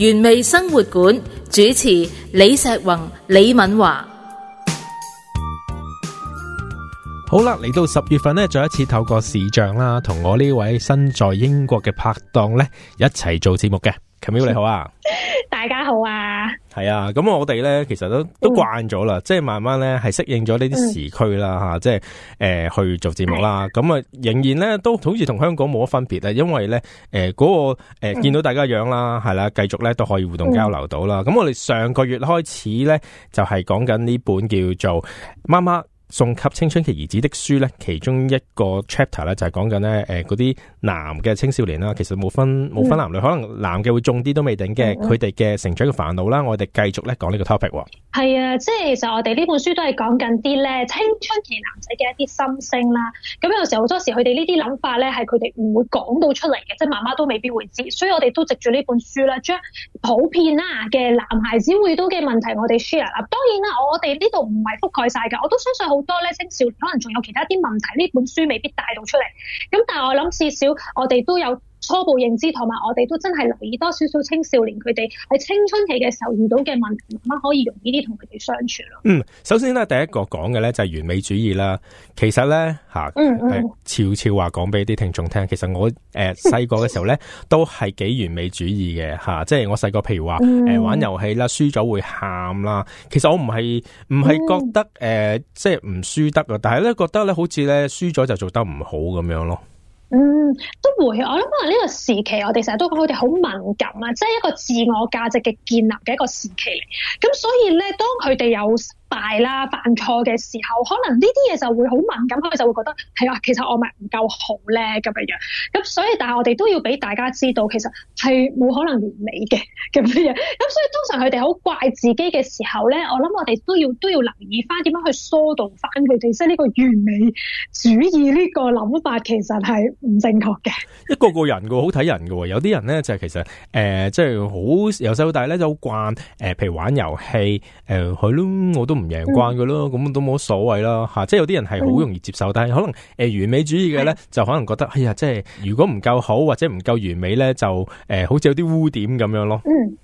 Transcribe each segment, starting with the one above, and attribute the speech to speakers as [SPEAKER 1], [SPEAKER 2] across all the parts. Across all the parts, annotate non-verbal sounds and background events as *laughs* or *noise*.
[SPEAKER 1] 原味生活館主持李碩宏、李敏華，
[SPEAKER 2] 好啦，嚟到十月份呢，再一次透過視像啦，同我呢位身在英國嘅拍檔呢，一齊做節目嘅，Kamio *laughs* 你好啊，
[SPEAKER 1] *laughs* 大家好啊。
[SPEAKER 2] 係啊，咁我哋咧其實都都慣咗啦，即係慢慢咧係適應咗呢啲時區啦吓、啊，即係誒、呃、去做節目啦。咁、嗯、啊仍然咧都好似同香港冇乜分別啊，因為咧誒嗰個誒見到大家樣啦，係啦，繼續咧都可以互動交流到啦。咁、嗯、我哋上個月開始咧就係講緊呢本叫做《媽媽》。送給青春期兒子的書咧，其中一個 chapter 咧就係講緊咧誒嗰啲男嘅青少年啦，其實冇分冇分男女，可能男嘅會重啲都未定嘅，佢哋嘅成長嘅煩惱啦，我哋繼續咧講呢個 topic。
[SPEAKER 1] 係啊，即係其實我哋呢本書都係講緊啲咧青春期男仔嘅一啲心聲啦。咁有時候好多時佢哋呢啲諗法咧係佢哋唔會講到出嚟嘅，即係媽媽都未必會知。所以我哋都藉住呢本書啦，將普遍啦嘅男孩子會都嘅問題我哋 share 啦。當然啦，我哋呢度唔係覆蓋晒嘅，我都相信好。好多咧，青少年可能仲有其他啲問題，呢本書未必帶到出嚟。咁但係我諗，至少我哋都有初步認知同埋我哋都真係留意多少少青少年佢哋喺青春期嘅時候遇到嘅問題，慢慢可以容易啲同佢哋相處咯。
[SPEAKER 2] 嗯，首先咧，第一個講嘅咧就係完美主義啦。其實咧嚇，誒悄悄話講俾啲聽眾聽，其實我誒細個嘅時候咧 *laughs* 都係幾完美主義嘅嚇、啊，即係我細個譬如話誒、呃、玩遊戲啦，輸咗會喊啦。其實我唔係唔係覺得誒、呃、即係唔輸得啊，但係咧覺得咧好似咧輸咗就做得唔好咁樣咯。
[SPEAKER 1] 嗯，都會。我諗可能呢個時期，我哋成日都講佢哋好敏感啊，即係一個自我價值嘅建立嘅一個時期嚟。咁所以咧，當佢哋有。大啦，犯錯嘅時候，可能呢啲嘢就會好敏感，佢就會覺得係啊，其實我咪唔夠好咧咁樣樣。咁所以，但係我哋都要俾大家知道，其實係冇可能完美嘅咁樣樣。咁所以，通常佢哋好怪自己嘅時候咧，我諗我哋都要都要留意翻點樣去疏導翻佢哋，即係呢個完美主義呢個諗法，其實係唔正確嘅。一
[SPEAKER 2] 個個人㗎，好睇人㗎喎。有啲人咧就係其實誒、呃，即係好由細到大咧就好慣誒、呃，譬如玩遊戲誒，係、呃、咯，我都。唔贏慣噶咯，咁都冇所謂啦吓，即係有啲人係好容易接受，嗯、但係可能誒完美主義嘅咧，就可能覺得哎呀，即係如果唔夠好或者唔夠完美咧，就誒、呃、好似有啲污點咁樣咯。嗯。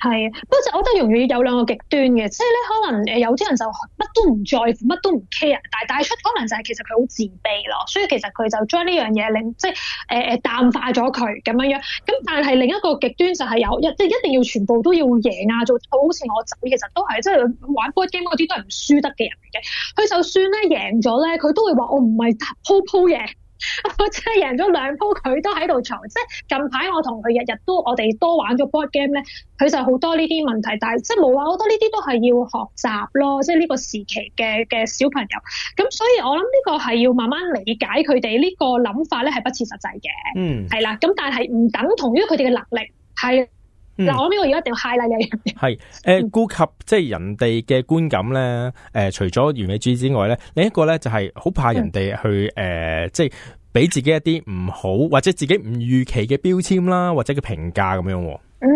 [SPEAKER 1] 係，不過就我覺得容易有兩個極端嘅，即係咧可能誒有啲人就乜都唔在乎，乜都唔 care，但係帶出可能就係其實佢好自卑咯，所以其實佢就將呢樣嘢令即係誒誒淡化咗佢咁樣樣。咁但係另一個極端就係有即係一定要全部都要贏啊，做好似我仔其實都係即係玩 board game 嗰啲,都係唔輸得嘅人嚟嘅。佢就算咧贏咗咧，佢都會話我唔係鋪鋪贏。 *laughs* 我真係贏咗兩鋪，佢都喺度嘈。即係近排我同佢日日都，我哋多玩咗 board game 咧，佢就好多呢啲問題。但係即係冇話，好多呢啲都係要學習咯。即係呢個時期嘅嘅小朋友，咁所以我諗呢個係要慢慢理解佢哋呢個諗法咧，係不切實際嘅。嗯，係啦。咁但係唔等同於佢哋嘅能力係。嗱，我呢個而家一定要嗨啦，你
[SPEAKER 2] 係，誒、呃，顧及即係人哋嘅觀感咧，誒、呃，除咗完美主義之外咧，另一個咧就係好怕人哋去，誒、呃，即係俾自己一啲唔好或者自己唔預期嘅標籤啦，或者嘅評價咁樣。哦。嗯，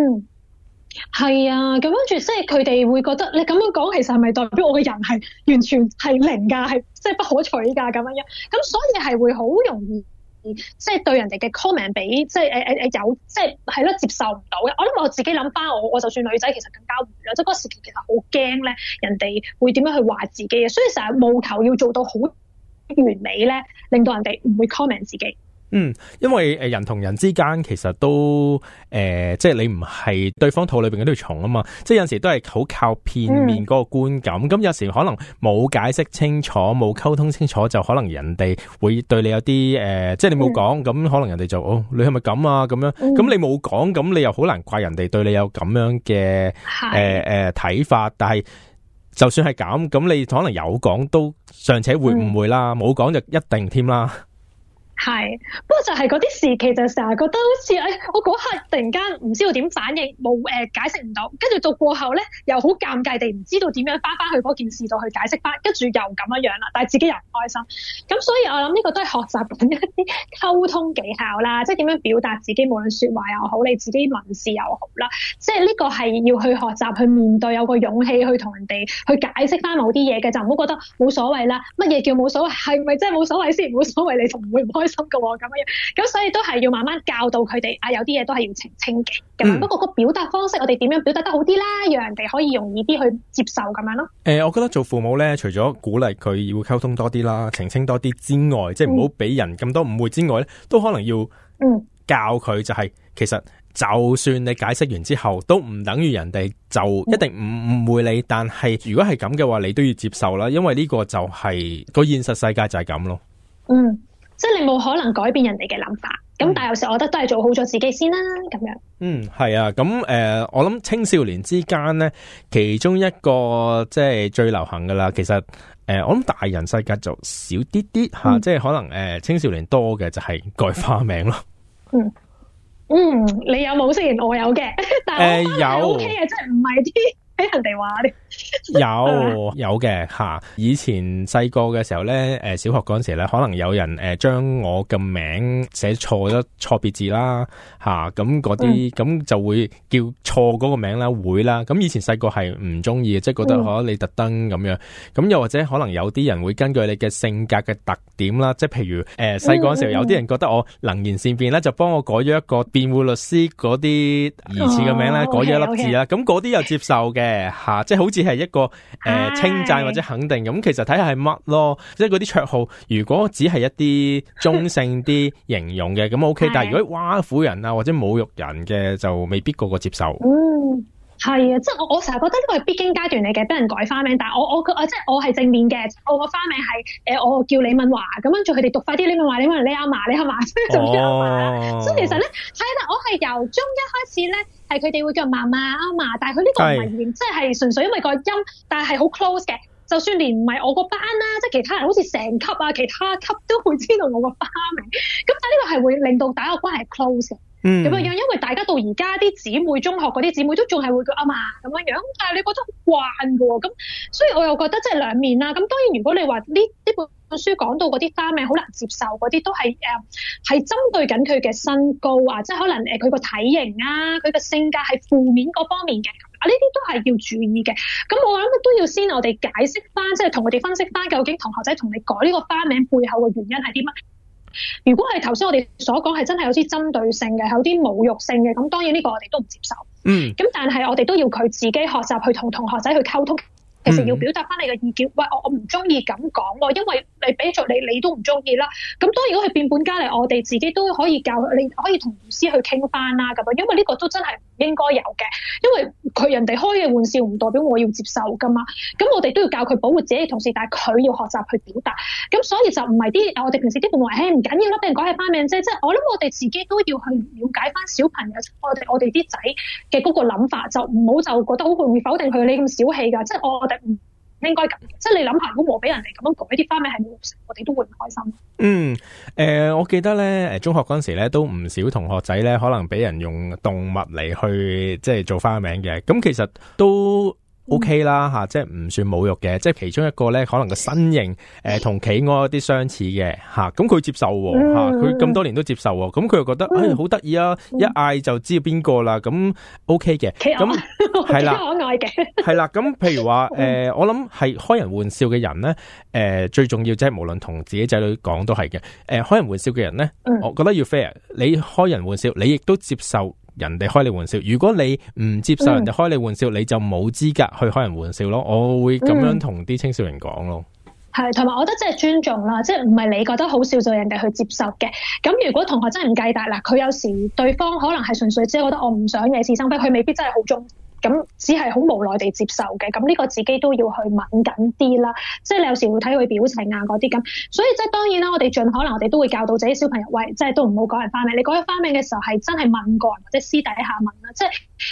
[SPEAKER 1] 係啊，咁跟住即係佢哋會覺得，你咁樣講，其實係咪代表我嘅人係完全係零噶，係即係不可取噶咁樣？咁所以係會好容易。即係對人哋嘅 comment 俾即係誒誒誒有即係係咯接受唔到嘅，我諗我自己諗翻我我就算女仔其實更加唔啦，即係嗰時期其實好驚咧，人哋會點樣去話自己啊，所以成日務求要做到好完美咧，令到人哋唔會 comment 自己。
[SPEAKER 2] 嗯，因為誒人同人之間其實都誒、呃，即係你唔係對方肚裏邊嗰條蟲啊嘛，即係有陣時都係好靠片面嗰個觀感。咁、嗯嗯、有陣時可能冇解釋清楚，冇溝通清楚，就可能人哋會對你有啲誒、呃，即係你冇講，咁、嗯嗯、可能人哋就哦，你係咪咁啊？咁樣咁、嗯嗯、你冇講，咁你又好難怪人哋對你有咁樣嘅誒誒睇法。但係就算係咁，咁你可能有講都尚且會誤會啦，冇講、嗯、就一定添啦。
[SPEAKER 1] 係，不過就係嗰啲時期就成日覺得好似，誒，我嗰刻突然間唔知道點反應，冇誒、呃、解釋唔到，跟住到過後咧又好尷尬地唔知道點樣翻翻去嗰件事度去解釋翻，跟住又咁樣樣啦，但係自己又唔開心，咁所以我諗呢個都係學習緊一啲溝通技巧啦，即係點樣表達自己，無論說話又好，你自己文字又好啦，即係呢個係要去學習去面對，有個勇氣去同人哋去解釋翻某啲嘢嘅，就唔好覺得冇所謂啦，乜嘢叫冇所謂？係咪真係冇所謂先？冇所謂你就唔會唔開心？心。咁所以都係要慢慢教導佢哋啊。有啲嘢都係要澄清嘅。咁不過個表達方式，我哋點樣表達得好啲啦，讓人哋可以容易啲去接受
[SPEAKER 2] 咁樣咯。誒，我覺得做父母呢，除咗鼓勵佢要溝通多啲啦，澄清多啲之外，即係唔好俾人咁多誤會之外咧，都可能要嗯，教佢就係、是，其實就算你解釋完之後，都唔等於人哋就一定唔誤會你。但係如果係咁嘅話，你都要接受啦，因為呢個就係、是、個現實世界就係咁咯。嗯。
[SPEAKER 1] 即係你冇可能改變人哋嘅諗法，咁、嗯、但係有時我覺得都係做好咗自己
[SPEAKER 2] 先啦，咁樣。嗯，係啊，咁誒、呃，我諗青少年之間咧，其中一個即係最流行噶啦，其實誒、呃，我諗大人世界就少啲啲吓，即係可能誒、呃，青少年多嘅就係改花名咯。
[SPEAKER 1] 嗯嗯，你有冇雖然我有嘅，但係我花名係 OK 嘅，呃、即係唔係啲俾人哋話啲。
[SPEAKER 2] *laughs* 有有嘅吓，以前細個嘅時候咧，誒、呃，小學嗰陣時咧，可能有人誒將我嘅名寫錯咗錯別字啦，吓咁嗰啲咁就會叫錯嗰個名啦，會啦，咁以前細個係唔中意嘅，即、就、係、是、覺得你特登咁樣。咁、嗯、又或者可能有啲人會根據你嘅性格嘅特點啦，即係譬如誒細個嗰時候有啲人覺得我能言善辯啦，嗯、就幫我改咗一個辯護律師嗰啲疑似嘅名咧，oh, okay, okay. 改咗一粒字啦，咁嗰啲又接受嘅吓、啊，即係好似。係一個誒稱讚或者肯定咁，其實睇下係乜咯，即係嗰啲綽號。如果只係一啲中性啲形容嘅，咁 *laughs* ok。但係如果挖苦人啊或者侮辱人嘅，就未必個個接受。
[SPEAKER 1] 嗯，係啊，即係我我成日覺得呢個係必經階段嚟嘅，俾人改花名。但係我我即我即係我係正面嘅，我個花名係誒、呃、我叫李敏華。咁樣，跟住佢哋讀快啲，李敏華，李敏華，你阿嫲，你阿嫲，仲要阿嫲。阿哦、
[SPEAKER 2] 所
[SPEAKER 1] 以其實咧，係啦，我係由中一開始咧。係佢哋會叫嫲嫲啊嘛，但係佢呢個唔係連，是即係純粹因為個音，但係好 close 嘅。就算連唔係我個班啦、啊，即係其他人好似成級啊，其他級都會知道我個班名，咁但係呢個係會令到大家關係 close 嘅。咁樣樣，嗯、因為大家到而家啲姊妹中學嗰啲姊妹都仲係會叫「阿嫲」咁樣樣，但係你覺得好慣嘅喎，咁所以我又覺得即係兩面啦。咁當然如果你話呢呢本書講到嗰啲花名好難接受，嗰啲都係誒係針對緊佢嘅身高啊，即係可能誒佢個體型啊，佢個性格係負面嗰方面嘅啊，呢啲都係要注意嘅。咁我諗都要先我哋解釋翻，即係同我哋分析翻究竟同學仔同你改呢個花名背後嘅原因係啲乜？如果係頭先我哋所講係真係有啲針對性嘅，有啲侮辱性嘅，咁當然呢個我哋都唔接受。嗯，咁但係我哋都要佢自己學習去同同學仔去溝通，其實要表達翻你嘅意見。喂，我我唔中意咁講，因為你俾咗你，你都唔中意啦。咁當然如果佢變本加厲，我哋自己都可以教，你可以同老師去傾翻啦。咁樣，因為呢個都真係。應該有嘅，因為佢人哋開嘅玩笑唔代表我要接受㗎嘛。咁我哋都要教佢保護自己嘅同時，但係佢要學習去表達。咁所以就唔係啲我哋平時啲父母話：「誒，唔緊要啦，俾人講係翻命啫。即係我諗我哋自己都要去了解翻小朋友，我哋我哋啲仔嘅嗰個諗法，就唔好就覺得好容易否定佢你咁小氣㗎。即係我我哋唔。應該咁，即係你諗下，如果我俾人哋咁樣改啲花
[SPEAKER 2] 名係冇用成，我哋都會唔開心。嗯，誒、呃，我記得咧，誒，中學嗰陣時咧，都唔少同學仔咧，可能俾人用動物嚟，去即係做花名嘅，咁其實都。O K 啦，吓，okay，啊，即係唔算侮辱嘅，即係其中一個咧，可能個身形誒、同、呃、企鵝一啲相似嘅，吓，啊，咁佢接受，吓，啊，佢咁多年都接受，咁佢又覺得誒好得意啊，一嗌就知邊個啦，咁 O K 嘅，咁係啦，可
[SPEAKER 1] 愛嘅，
[SPEAKER 2] 係啦、啊，咁譬如話誒，我諗係開人玩笑嘅人咧，誒最重要即係無論同自己仔女講都係嘅，誒開人玩笑嘅人咧，我覺得要 fair，你開人玩笑，你亦都接受。人哋開你玩笑，如果你唔接受人哋開你玩笑，嗯、你就冇資格去開人玩笑咯。我會咁樣同啲青少年講咯。
[SPEAKER 1] 係，同埋我覺得即係尊重啦，即係唔係你覺得好笑就人哋去接受嘅。咁如果同學真係唔計大，但佢有時對方可能係純粹只係覺得我唔想惹是生非，佢未必真係好中。咁只係好無奈地接受嘅，咁呢個自己都要去敏感啲啦，即係你有時會睇佢表情啊嗰啲咁，所以即係當然啦，我哋盡可能我哋都會教導自己小朋友，喂，即係都唔好講人翻名，你講翻名嘅時候係真係問過人或者私底下問啦，即係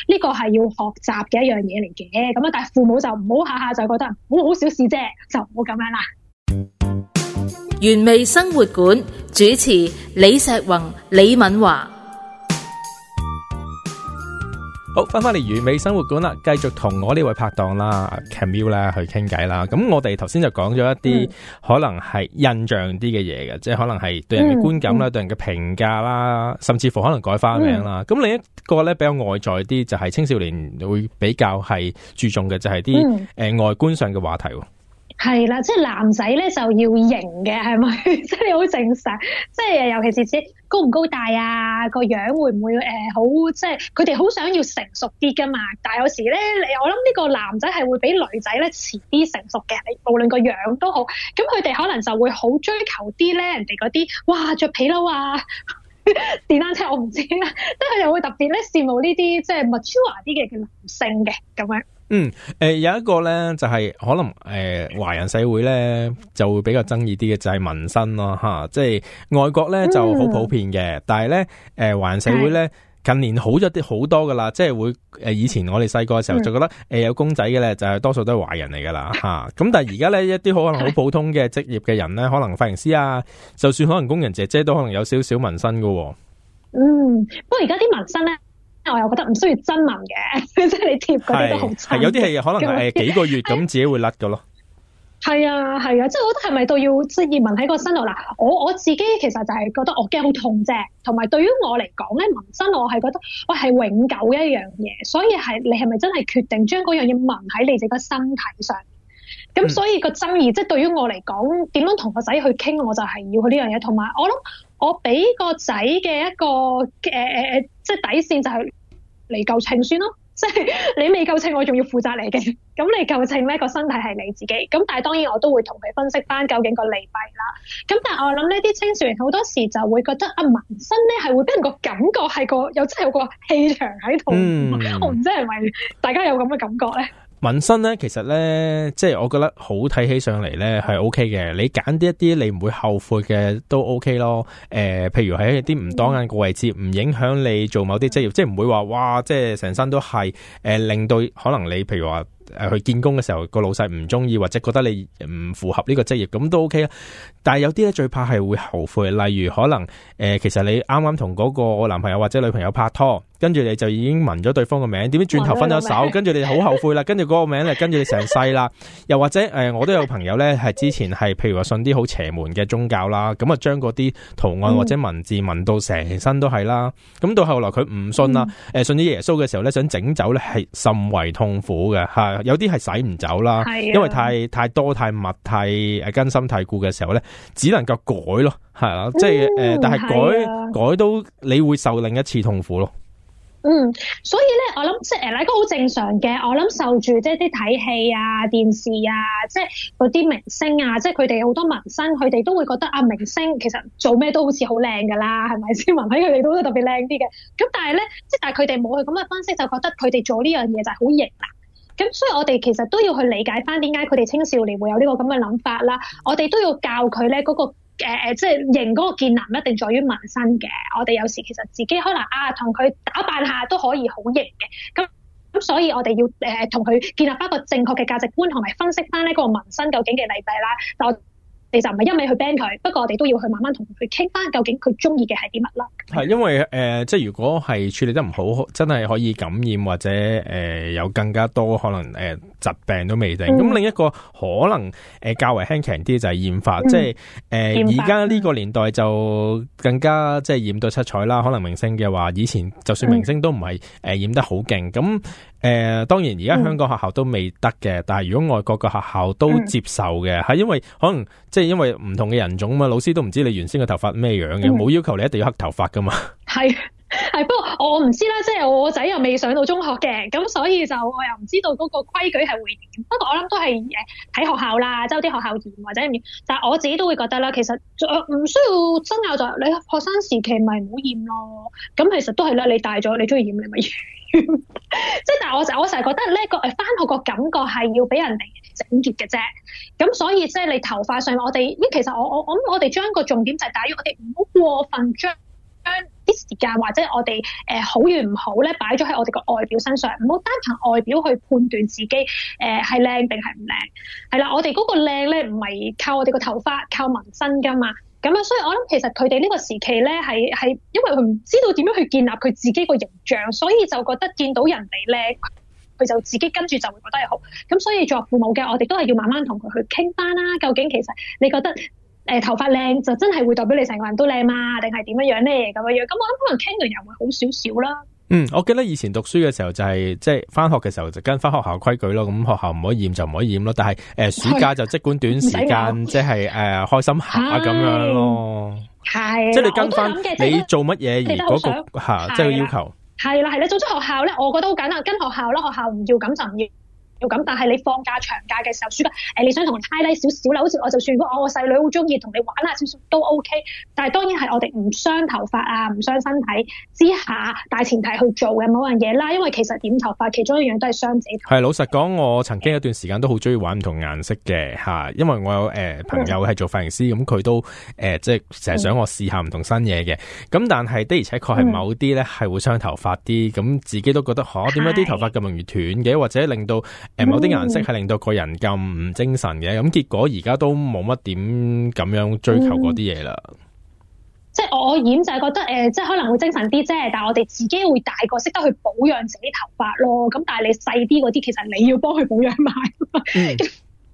[SPEAKER 1] 呢個係要學習嘅一樣嘢嚟嘅，咁啊，但係父母就唔好下下就覺得，哇，好小事啫，就唔好咁樣啦。原味生活館主持李碩宏、李敏華。
[SPEAKER 2] 好，翻翻嚟完美生活館啦，繼續同我呢位拍檔啦，阿 Camille 啦去傾偈啦。咁我哋頭先就講咗一啲可能係印象啲嘅嘢嘅，嗯、即係可能係對人嘅觀感啦，嗯嗯、對人嘅評價啦，甚至乎可能改花名啦。咁、嗯、另一個咧比較外在啲，就係青少年會比較係注重嘅，呃，就係啲誒外觀上嘅話題啊。
[SPEAKER 1] 係啦，即係男仔咧就要型嘅，係咪？ *laughs* 即係好正常，即係尤其是指高唔高大啊，個樣會唔會誒、呃、好？即係佢哋好想要成熟啲噶嘛。但係有時咧，我諗呢個男仔係會比女仔咧遲啲成熟嘅。你無論個樣都好，咁佢哋可能就會好追求啲咧人哋嗰啲，哇着皮褸啊， *laughs* 電單車我唔知啦，即係佢又會特別咧羨慕呢啲即係 mature 啲嘅嘅男性嘅咁樣。
[SPEAKER 2] 嗯，誒、呃，有一個咧就係、是、可能誒，華、呃、人社會咧就會比較爭議啲嘅就係、是、紋身咯，吓，即係外國咧就好普遍嘅，嗯、但係咧誒，華、呃、人社會咧近年好咗啲好多噶啦，即係會誒、呃，以前我哋細個嘅時候就覺得誒、嗯呃、有公仔嘅咧就係多數都係華人嚟噶啦。吓，咁但係而家咧一啲可能好普通嘅職業嘅人咧， *laughs* 可能髮型師啊，就算可能工人姐姐都可能有少少紋身噶、啊。嗯，不
[SPEAKER 1] 過而家啲紋身咧。我又覺得唔需要真紋嘅， *laughs* 即係你貼嗰啲都好。係有啲係可能誒幾
[SPEAKER 2] 個月咁自己會甩咗咯。
[SPEAKER 1] 係啊係啊，即係、啊啊就是、我覺得係咪到要即係紋喺個身度嗱？嗯、我我自己其實就係覺得我驚好痛啫，同埋對於我嚟講咧，紋身我係覺得我係永久一樣嘢，所以係你係咪真係決定將嗰樣嘢紋喺你自己個身體上？咁所以個爭議，即係、嗯、對於我嚟講，點樣同個仔去傾，我就係要呢樣嘢。同埋我諗，我俾個仔嘅一個誒誒誒，即係底線就係、是。嚟夠秤算咯，即 *laughs* 係你未夠秤，我仲要負責你嘅。 *laughs* 咁你夠秤咧，個身體係你自己。咁但係當然，我都會同佢分析翻究竟個利弊啦。咁但係我諗呢啲青少年好多時就會覺得啊，紋身咧係會俾人個感覺係個有真係有個氣場喺度。嗯、我唔知係咪大家有咁嘅感覺咧？
[SPEAKER 2] 紋身咧，其實咧，即係我覺得好睇起上嚟咧係 O K 嘅。嗯、你揀啲一啲你唔會後悔嘅都 O、OK、K 咯。誒、呃，譬如喺一啲唔當眼嘅位置，唔、嗯、影響你做某啲職業，嗯、即係唔會話哇，即係成身都係誒、呃，令到可能你譬如話誒去見工嘅時候個老細唔中意，或者覺得你唔符合呢個職業，咁都 O K 啦。但係有啲咧最怕係會後悔，例如可能誒、呃，其實你啱啱同嗰個我男朋友或者女朋友拍拖。跟住你就已經紋咗對方個名，點知轉頭分咗手，跟住你好後悔啦。 *laughs* 跟住嗰個名咧，跟住你成世啦。又或者誒、呃，我都有朋友咧，係之前係譬如話信啲好邪門嘅宗教啦，咁啊將嗰啲圖案或者文字紋到成身都係啦。咁、嗯、到後來佢唔信啦，誒、嗯呃、信咗耶穌嘅時候咧，想整走咧係甚為痛苦嘅吓。有啲係洗唔走啦，的因為太太多太密太根深蒂固嘅時候咧，只能夠改咯，係啦，即係誒、呃，但係改、嗯、但改到你會受另一次痛苦咯。
[SPEAKER 1] 嗯，所以咧，我諗即係誒，嗱，一個好正常嘅，我諗受住即係啲睇戲啊、電視啊，即係嗰啲明星啊，即係佢哋好多紋身，佢哋都會覺得啊，明星其實做咩都好似好靚噶啦，係咪先？紋喺佢哋都特別靚啲嘅。咁但係咧，即係但係佢哋冇去咁嘅分析，就覺得佢哋做呢樣嘢就係好型啦。咁所以我哋其實都要去理解返點解佢哋青少年會有呢個咁嘅諗法啦。我哋都要教佢咧嗰個。誒誒，即係、呃就是、型嗰個健男一定在於紋身嘅。我哋有時其實自己可能啊，同佢打扮下都可以好型嘅。咁、嗯、咁，所以我哋要誒同佢建立翻一個正確嘅價值觀，同埋分析翻呢嗰個紋身究竟嘅利弊啦。但係我哋就唔係一味去 ban 佢，不過我哋都要去慢慢同佢傾翻，究竟佢中意嘅係啲乜囉。
[SPEAKER 2] 係因為誒、呃，即係如果係處理得唔好，真係可以感染或者誒、呃、有更加多可能誒。呃疾病都未定，咁、嗯、另一個可能誒較為輕強啲就係染髮，嗯、即係誒而家呢個年代就更加即係染到七彩啦。可能明星嘅話，以前就算明星都唔係誒染得好勁。咁誒、嗯呃、當然而家香港學校都未得嘅，嗯、但係如果外國嘅學校都接受嘅，係、嗯、因為可能即係因為唔同嘅人種嘛，老師都唔知你原先嘅頭髮咩樣嘅，冇、嗯、要求你一定要黑頭髮噶嘛、嗯。
[SPEAKER 1] 係。 *laughs* 係，不過我唔知啦，即係我個仔又未上到中學嘅，咁所以就我又唔知道嗰個規矩係會點。不過我諗都係誒，睇學校啦，即係啲學校染或者唔染。但係我自己都會覺得啦，其實唔、呃、需要真有就是、你學生時期咪唔好染咯。咁其實都係啦，你大咗你中意染你咪染。即 *laughs* 係，但係我成我成日覺得呢個誒翻學個感覺係要俾人哋整潔嘅啫。咁所以即係你頭髮上我哋，咁其實我我我我哋將個重點就係大於我哋唔好過分將。將啲時間或者我哋誒、呃、好與唔好咧，擺咗喺我哋個外表身上，唔好單憑外表去判斷自己誒係靚定係唔靚。係、呃、啦，我哋嗰個靚咧唔係靠我哋個頭髮、靠紋身噶嘛。咁啊，所以我諗其實佢哋呢個時期咧係係因為佢唔知道點樣去建立佢自己個形象，所以就覺得見到人哋靚，佢就自己跟住就會覺得係好。咁所以作為父母嘅，我哋都係要慢慢同佢去傾翻啦。究竟其實你覺得？誒頭髮靚就真係會代表你成個人都靚嘛？定係點樣樣咧？咁樣，咁我諗可能傾嘅人會好少少啦。
[SPEAKER 2] 嗯，我記得以前讀書嘅時候就係即係翻學嘅時候就跟翻學校規矩咯。咁、嗯、學校唔可以染就唔可以染咯。但係誒、呃、暑假就即管短時間，即係誒開心下啊咁樣咯。
[SPEAKER 1] 係。即係你跟翻你做乜嘢嗰個
[SPEAKER 2] 嚇，即係個要求。
[SPEAKER 1] 係啦係啦，做咗學校咧，我覺得好簡單，跟學校咯，學校唔要咁就唔要。要咁，但係你放假長假嘅時候輸，暑假得誒，你想同 high 低少少，好似我就算，如、哦、果我個細女好中意同你玩下少少都 OK，但係當然係我哋唔傷頭髮啊，唔傷身體之下，大前提去做嘅某樣嘢啦。因為其實染頭髮其中一樣都係傷自
[SPEAKER 2] 己。係，老實講，我曾經有段時間都好中意玩唔同顏色嘅吓、啊，因為我有誒、呃、朋友係做髮型師，咁、啊、佢都誒、呃、即係成日想我試下唔同新嘢嘅，咁、啊、但係的而且確係某啲咧係會傷頭髮啲，咁、嗯、自己都覺得，可點解啲頭髮咁容易斷嘅，或者令到？誒，某啲顏色係令到個人咁唔精神嘅，咁結果而家都冇乜點咁樣追求嗰啲嘢啦。
[SPEAKER 1] 即係我染就係覺得誒、呃，即係可能會精神啲啫，但係我哋自己會大個識得去保養自己頭髮咯。咁但係你細啲嗰啲，其實你要幫佢保養埋。嗯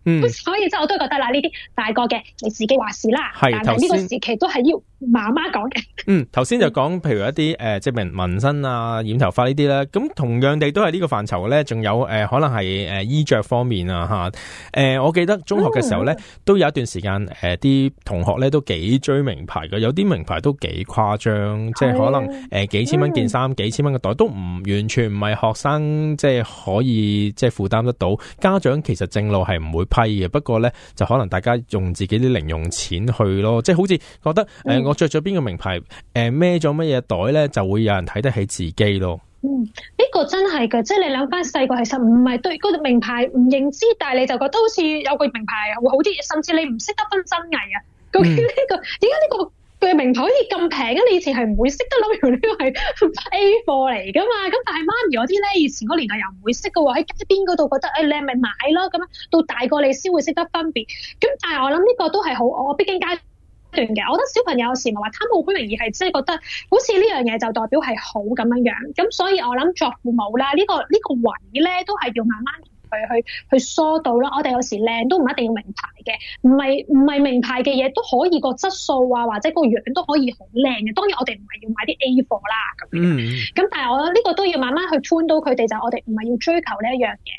[SPEAKER 1] 嗯，所以真我都覺得啦，呢啲大個嘅你自己話事啦，係呢個時期都係要媽媽講嘅。
[SPEAKER 2] 嗯，頭先就講譬如一啲誒、呃，即係紋紋身啊、染頭髮呢啲咧，咁同樣地都係呢個範疇咧，仲有誒、呃，可能係誒衣着方面啊吓。誒、呃，我記得中學嘅時候咧，都有一段時間誒，啲、呃、同學咧都幾追名牌嘅，有啲名牌都幾誇張，即係可能誒幾千蚊件衫，幾千蚊嘅袋，都唔完全唔係學生即係可以即係負擔得到。家長其實正路係唔會批嘅，不過咧就可能大家用自己啲零用錢去咯，即係好似覺得誒、呃、我着咗邊個名牌誒孭咗乜嘢袋咧，就會有人睇得起自己咯。
[SPEAKER 1] 嗯，呢、這個真係嘅，即係你諗翻細個，其實唔係對嗰、那個名牌唔認知，但係你就覺得好似有個名牌啊，會好啲，甚至你唔識得分真偽啊。究竟呢個點解呢個？嗯佢名牌好似咁平，咁你以前係唔會識得諗住呢個係 A 貨嚟噶嘛？咁但係媽咪嗰啲咧，以前嗰年代又唔會識嘅喎，喺街邊嗰度覺得誒、哎，你咪買咯咁啊！到大個你先會識得分別。咁但係我諗呢個都係好，我必經階段嘅。我覺得小朋友有時咪話貪好，好容易係即係覺得好似呢樣嘢就代表係好咁樣樣。咁所以我諗作父母啦，呢、呢個呢、呢個位咧都係要慢慢。去去去梳到啦！我哋有時靚都唔一定要名牌嘅，唔係唔係名牌嘅嘢都可以個質素啊，或者嗰個樣都可以好靚嘅。當然我哋唔係要買啲 A 貨啦咁、嗯、樣，咁但係我呢個都要慢慢去 turn 到佢哋，就係、我哋唔係要追求呢一樣嘢。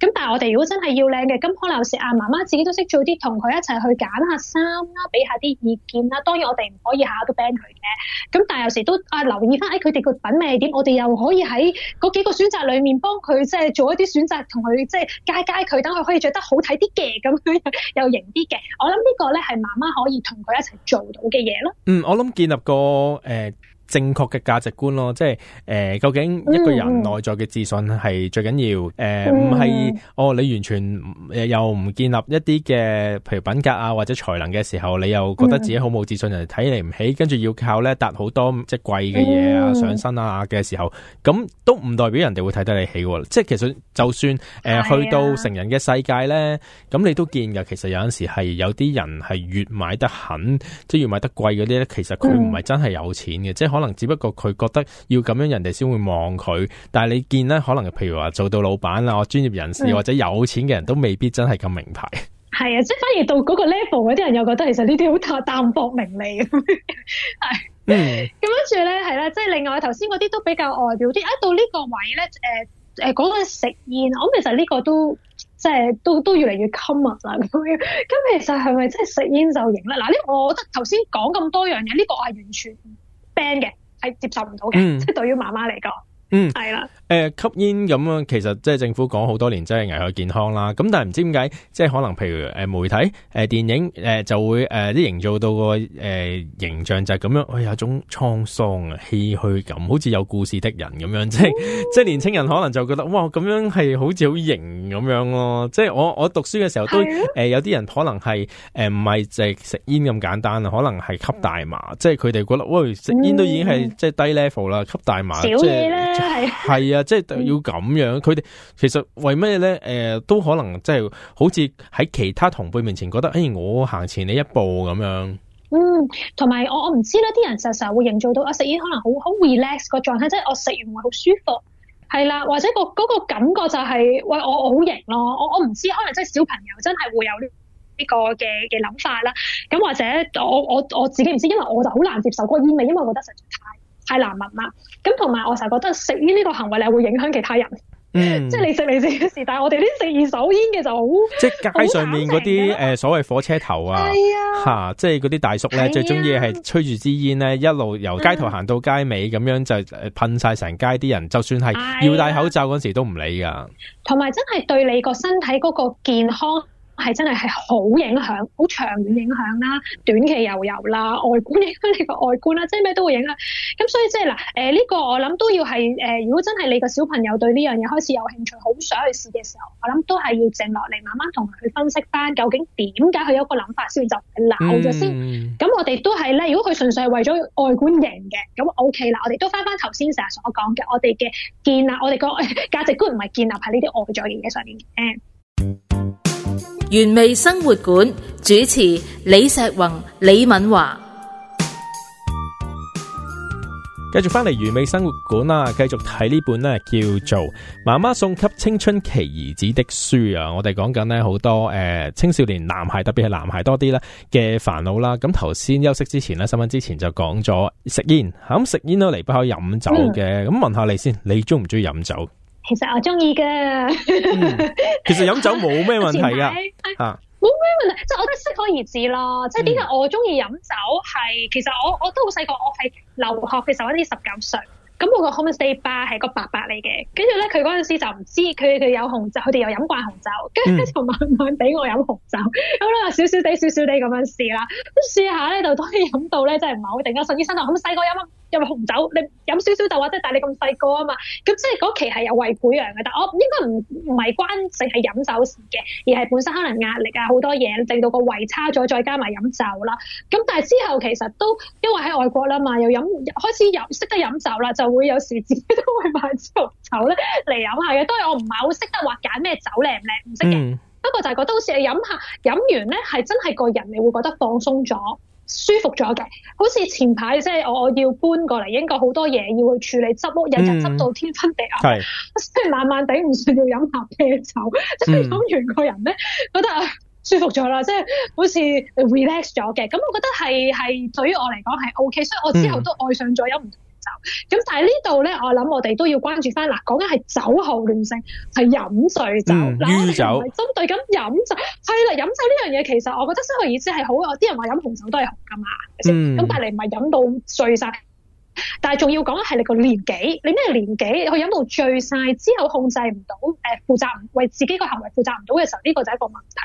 [SPEAKER 1] 咁但係我哋如果真係要靚嘅，咁可能有時阿、啊、媽媽自己都識做啲，同佢一齊去揀下衫啦、啊，俾下啲意見啦、啊。當然我哋唔可以下下都 ban 佢嘅，咁但係有時都啊留意翻，誒佢哋個品味點，我哋又可以喺嗰幾個選擇裡面幫佢即係做一啲選擇，同佢即街街佢，等佢可以着得好睇啲嘅，咁 *laughs* 樣又型啲嘅。我諗呢個咧係媽媽可以同佢一齊做到嘅嘢咯。
[SPEAKER 2] 嗯，我諗建立個誒。呃正確嘅價值觀咯，即係誒、呃、究竟一個人內在嘅自信係最緊要，誒唔係哦你完全誒、呃、又唔建立一啲嘅譬如品格啊或者才能嘅時候，你又覺得自己好冇自信，嗯、人哋睇你唔起，跟住要靠咧搭好多即係貴嘅嘢啊、嗯、上身啊嘅時候，咁都唔代表人哋會睇得你起喎、啊，即係其實就算誒、呃啊、去到成人嘅世界咧，咁你都見㗎，其實有陣時係有啲人係越買得狠，即係越買得貴嗰啲咧，其實佢唔係真係有錢嘅，即係可。可能只不過佢覺得要咁樣，人哋先會望佢。但係你見咧，可能譬如話做到老闆啦，專業人士或者有錢嘅人都未必真係咁名牌。
[SPEAKER 1] 係 *laughs* 啊，即係反而到嗰個 level 嗰啲人又覺得，其實呢啲好淡薄名利咁。係咁跟住咧，係啦、嗯啊，即係另外頭先嗰啲都比較外表啲。誒，到呢個位咧，誒、呃、誒、呃，講到食煙，咁其實呢個都即係都都越嚟越 common 啦。咁咁，其實係咪即係食煙就型咧？嗱、啊，呢、這個、我覺得頭先講咁多樣嘢，呢、這個係完全。band 嘅係接受唔到嘅，即係、嗯、 *laughs* 對於媽媽嚟講，嗯，係啦。
[SPEAKER 2] 誒、呃，吸煙咁樣，其實即係政府講好多年，真係危害健康啦。咁但係唔知點解，即係可能譬如誒媒體、誒、呃、電影誒、呃、就會誒啲營造到個誒、呃、形象就係咁樣，有、哎、種滄桑啊、唏噓感，好似有故事的人咁樣。即係、嗯、即係年青人可能就覺得哇，咁樣係好似好型咁樣咯。即係我我讀書嘅時候都誒、啊呃、有啲人可能係誒唔係就係食煙咁簡單，可能係吸大麻。嗯、即係佢哋覺得喂、哎、食煙都已經係即係低 level 啦，吸大麻。嗯、小
[SPEAKER 1] 嘢係啊。
[SPEAKER 2] 是即係要咁樣，佢哋其實為咩咧？誒、呃，都可能即係好似喺其他同輩面前，覺得誒、哎，我行前你一步咁樣。
[SPEAKER 1] 嗯，同埋我我唔知咧，啲人實時候會營造到我食煙可能好好 relax 個狀態，即係我食完會好舒服。係啦，或者個嗰個感覺就係、是、喂，我我好型咯。我我唔知，可能即係小朋友真係會有呢個嘅嘅諗法啦。咁或者我我我自己唔知，因為我就好難接受嗰煙味，因為我覺得實在太。太難聞啦！咁同埋，我成日覺得食煙呢個行為咧，會影響其他人。
[SPEAKER 2] 嗯，即係你
[SPEAKER 1] 食你食嗰事。但係我哋啲食二手煙嘅就好，即係街
[SPEAKER 2] 上面嗰啲誒所謂火車頭啊，吓、哎呀啊，即係嗰啲大叔咧、哎、呀最中意係吹住支煙咧，一路由街頭行到街尾咁樣就噴晒成街啲人，哎、呀就算係要戴口罩嗰時都唔理噶。
[SPEAKER 1] 同埋、哎、真係對你個身體嗰個健康。係真係係好影響，好長遠影響啦，短期又有啦，外觀影響 *laughs* 你個外觀啦，即係咩都會影響。咁所以即係嗱，誒呢個我諗都要係誒，如果真係你個小朋友對呢樣嘢開始有興趣，好想去試嘅時候，我諗都係要靜落嚟，慢慢同佢去分析翻究竟點解佢有一個諗法先，就鬧咗先。咁我哋都係咧，如果佢純粹係為咗外觀型嘅，咁 O K 嗱，我哋都翻翻頭先成日所講嘅，我哋嘅建立，我哋個價值觀唔係建立喺呢啲外在嘅嘢上面嘅。嗯原味生活館主持李碩宏、李敏華，
[SPEAKER 2] 繼續翻嚟原味生活館啦，繼續睇呢本咧叫做《媽媽送給青春期兒子的書》啊！我哋講緊呢好多誒、呃、青少年男孩，特別係男孩多啲啦嘅煩惱啦。咁頭先休息之前咧，新聞之前就講咗食煙，咁、嗯、食煙都離不開飲酒嘅。咁、嗯、問下你先，你中唔中意飲酒？
[SPEAKER 1] 其實我中意嘅，
[SPEAKER 2] 其實飲酒冇咩問題啊，
[SPEAKER 1] 冇咩問題，啊、即係我覺得適可而止啦。即係點解我中意飲酒？係其實我我都好細個，我係留學嘅時候我，我啲十九歲，咁我個 homestay bar 係個伯伯嚟嘅，跟住咧佢嗰陣時就唔知佢哋有紅酒，佢哋又飲慣紅酒，跟住就慢慢俾我飲紅酒，咁咧少少地、少少地咁樣試啦。咁試下咧就當飲到咧，真係唔係好定。阿陳醫生話：咁細個飲飲紅酒，你飲少少就話啫，但係你咁細個啊嘛，咁即係嗰期係有胃潰瘍嘅，但我應該唔唔係關淨係飲酒事嘅，而係本身可能壓力啊好多嘢，令到個胃差咗，再加埋飲酒啦。咁但係之後其實都因為喺外國啦嘛，又飲開始飲識得飲酒啦，就會有時自己都會買支紅酒咧嚟飲下嘅。都係我唔係好識得話揀咩酒靚唔靚，唔識嘅。嗯、不過就係覺得好似你飲下飲完咧，係真係個人你會覺得放鬆咗。舒服咗嘅，好似前排即係我要搬過嚟，應該好多嘢要去處理，執屋日日執到天昏地暗，即、嗯、然慢慢頂唔順，要飲下啤酒，即係飲完個人咧覺得啊舒服咗啦，即係好似 relax 咗嘅，咁我覺得係係對於我嚟講係 OK，所以我之後都愛上咗飲唔。嗯咁但係呢度咧，我諗我哋都要關注翻嗱，講緊係酒後亂性，係飲醉酒。醉酒針對緊飲酒，係啦、嗯，飲酒呢樣嘢其實，我覺得失去意思係好，有啲人話飲紅酒都係紅㗎嘛。嗯。咁但係唔係飲到醉晒，但係仲要講緊係你個年紀，你咩年紀去飲到醉晒之後控制唔到，誒、呃，負責唔為自己個行為負責唔到嘅時候，呢、這個就係一個問題。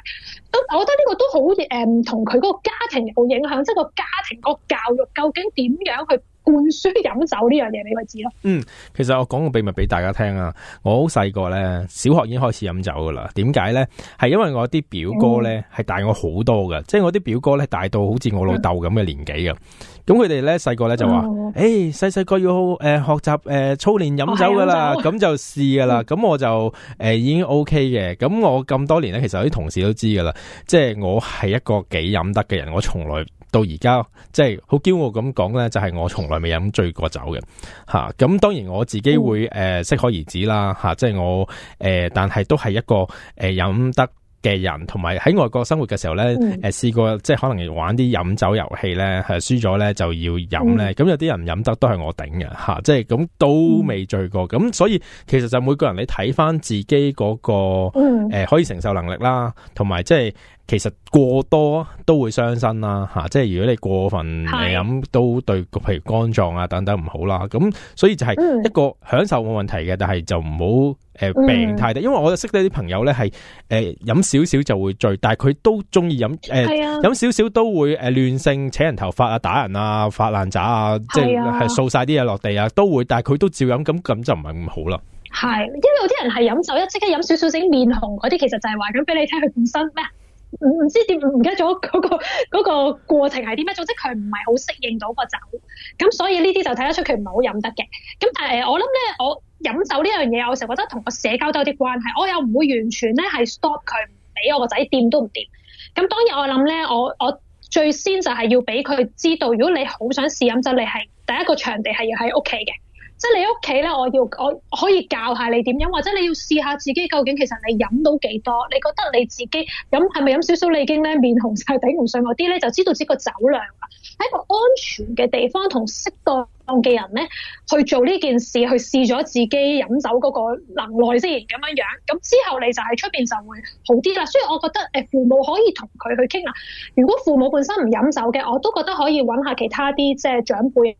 [SPEAKER 1] 咁我覺得呢個都好，誒、嗯，同佢嗰個家庭有影響，即係個家庭個教育究竟點樣去。灌
[SPEAKER 2] 輸飲酒呢樣嘢你咪知咯。嗯，其實我講個秘密俾大家聽啊。我好細個咧，小學已經開始飲酒噶啦。點解咧？係因為我啲表哥咧係、嗯、大我好多嘅，即係我啲表哥咧大到好似我老豆咁嘅年紀啊。咁佢哋咧細個咧就話，誒細細個要誒、呃、學習誒、呃、操練飲酒噶啦，咁就試噶啦。咁、嗯、我就誒、呃、已經 OK 嘅。咁我咁多年咧，其實我啲同事都知噶啦。即係我係一個幾飲得嘅人，我從來。到而家即係好驕傲咁講咧，就係、是、我從來未飲醉過酒嘅吓。咁、啊、當然我自己會誒適、嗯呃、可而止啦、吓、啊。即係我誒、呃，但係都係一個誒飲、呃、得嘅人，同埋喺外國生活嘅時候咧，誒試、嗯呃、過即係可能玩啲飲酒遊戲咧，係輸咗咧就要飲咧。咁、嗯、有啲人飲得都係我頂嘅吓。即係咁都未醉過。咁、嗯、所以其實就每個人你睇翻自己嗰、那個誒、嗯呃、可以承受能力啦，同埋即係。其實過多都會傷身啦，吓、啊！即係如果你過分嚟飲的、呃，都對，譬如肝臟啊等等唔好啦。咁、啊、所以就係一個享受冇問題嘅，嗯、但係就唔好誒病態嘅。嗯、因為我就識得啲朋友咧，係誒飲少少就會醉，但係佢都中意飲，誒飲的、呃、少少都會誒亂性、扯人頭髮啊、打人啊、發爛渣啊，即係係掃晒啲嘢落地啊，都會。但係佢都照飲，咁咁就唔係咁好啦。係，因
[SPEAKER 1] 為有啲人係飲酒一即刻飲少少整面紅嗰啲，其實就係話咁俾你聽，佢本身咩？唔唔知點唔記得咗嗰個嗰個過程係啲咩？總之佢唔係好適應到個酒，咁所以呢啲就睇得出佢唔係好飲得嘅。咁但係誒，我諗咧，我飲酒呢樣嘢，我成日覺得同個社交都有啲關係。我又唔會完全咧係 stop 佢，唔俾我個仔掂都唔掂。咁當然我諗咧，我我最先就係要俾佢知道，如果你好想試飲酒，你係第一個場地係要喺屋企嘅。即係你屋企咧，我要我可以教下你點樣，或者你要試下自己究竟其實你飲到幾多？你覺得你自己飲係咪飲少少？你已經咧面紅晒，頂唔上嗰啲咧，就知道自己個酒量啦。喺個安全嘅地方同適當嘅人咧，去做呢件事，去試咗自己飲酒嗰個能耐先咁樣樣。咁之後你就喺出邊就會好啲啦。所以我覺得誒、呃、父母可以同佢去傾啦。如果父母本身唔飲酒嘅，我都覺得可以揾下其他啲即係長輩。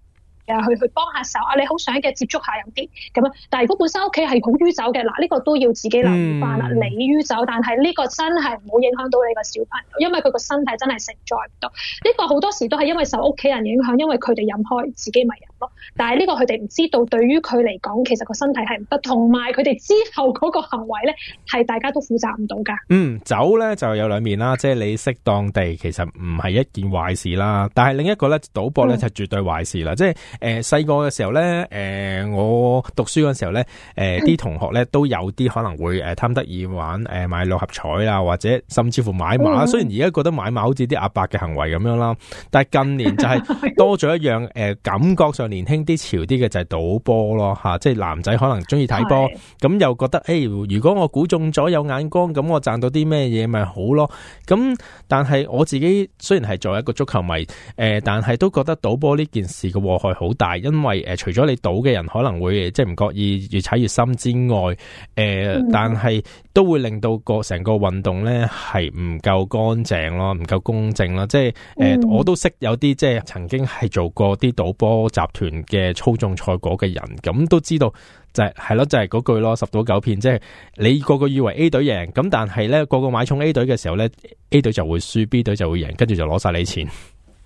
[SPEAKER 1] 啊！去去幫下手啊！你好想嘅接觸下有啲咁啊，但係如果本身屋企係好於酒嘅嗱，呢個都要自己留意翻啦。你、嗯、於酒，但係呢個真係唔好影響到你個小朋友，因為佢個身體真係承載唔到。呢個好多時都係因為受屋企人影響，因為佢哋飲開，自己咪飲。但係呢個佢哋唔知道，對於佢嚟講，其實個身體係唔得，同埋佢哋之後嗰個行為咧，係大家都負責唔到噶。
[SPEAKER 2] 嗯，酒咧就有兩面啦，即係你適當地，其實唔係一件壞事啦。但係另一個咧，賭博咧就係、絕對壞事啦。嗯、即係誒，細個嘅時候咧，誒、呃，我讀書嗰時候咧，誒、呃，啲同學咧都有啲可能會誒貪、呃、得意玩，誒、呃、買六合彩啊，或者甚至乎買馬。嗯、雖然而家覺得買馬好似啲阿伯嘅行為咁樣啦，但係近年就係多咗一樣誒，感覺上。年輕啲潮啲嘅就係賭波咯吓，即係男仔可能中意睇波，咁是又覺得誒、哎，如果我估中咗有眼光，咁我賺到啲咩嘢咪好咯。咁但係我自己雖然係作為一個足球迷，誒、呃，但係都覺得賭波呢件事嘅禍害好大，因為誒、呃，除咗你賭嘅人可能會即係唔覺意越踩越深之外，誒、呃，嗯、但係都會令到個成個運動咧係唔夠乾淨咯，唔夠公正咯。即係誒，呃嗯、我都識有啲即係曾經係做過啲賭波集團嘅操縱賽果嘅人，咁都知道就係係咯，就係嗰句咯，十賭九騙。即係你個個以為 A 隊贏，咁但係咧個個買重 A 隊嘅時候咧，A 隊就會輸，B 隊就會贏，跟住就攞晒你錢。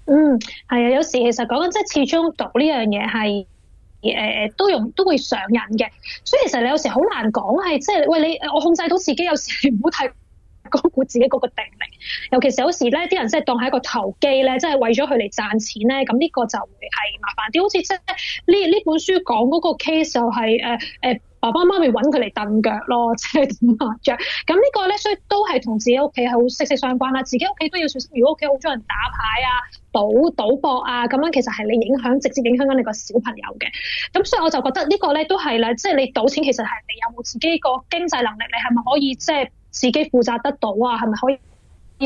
[SPEAKER 1] 嗯，係啊，有時其實講緊即係始終賭呢樣嘢係誒，都用都會上癮嘅，所以其實你有時好難講，係即係喂你，我控制到自己，有時你唔好太高估自己嗰個定力。尤其是有時咧，啲人即係當係一個投機咧，即係為咗佢嚟賺錢咧。咁呢個就會係麻煩啲，好似即係呢呢本書講嗰個 case 就係誒誒爸爸媽咪揾佢嚟蹬腳咯，即係點啊？咁呢個咧，所以都係同自己屋企係好息息相關啦。自己屋企都要算，如果屋企好多人打牌啊、賭賭博啊，咁樣其實係你影響，直接影響緊你個小朋友嘅。咁所以我就覺得個呢個咧都係啦，即係你賭錢其實係你有冇自己個經濟能力，你係咪可以即係自己負責得到啊？係咪可以？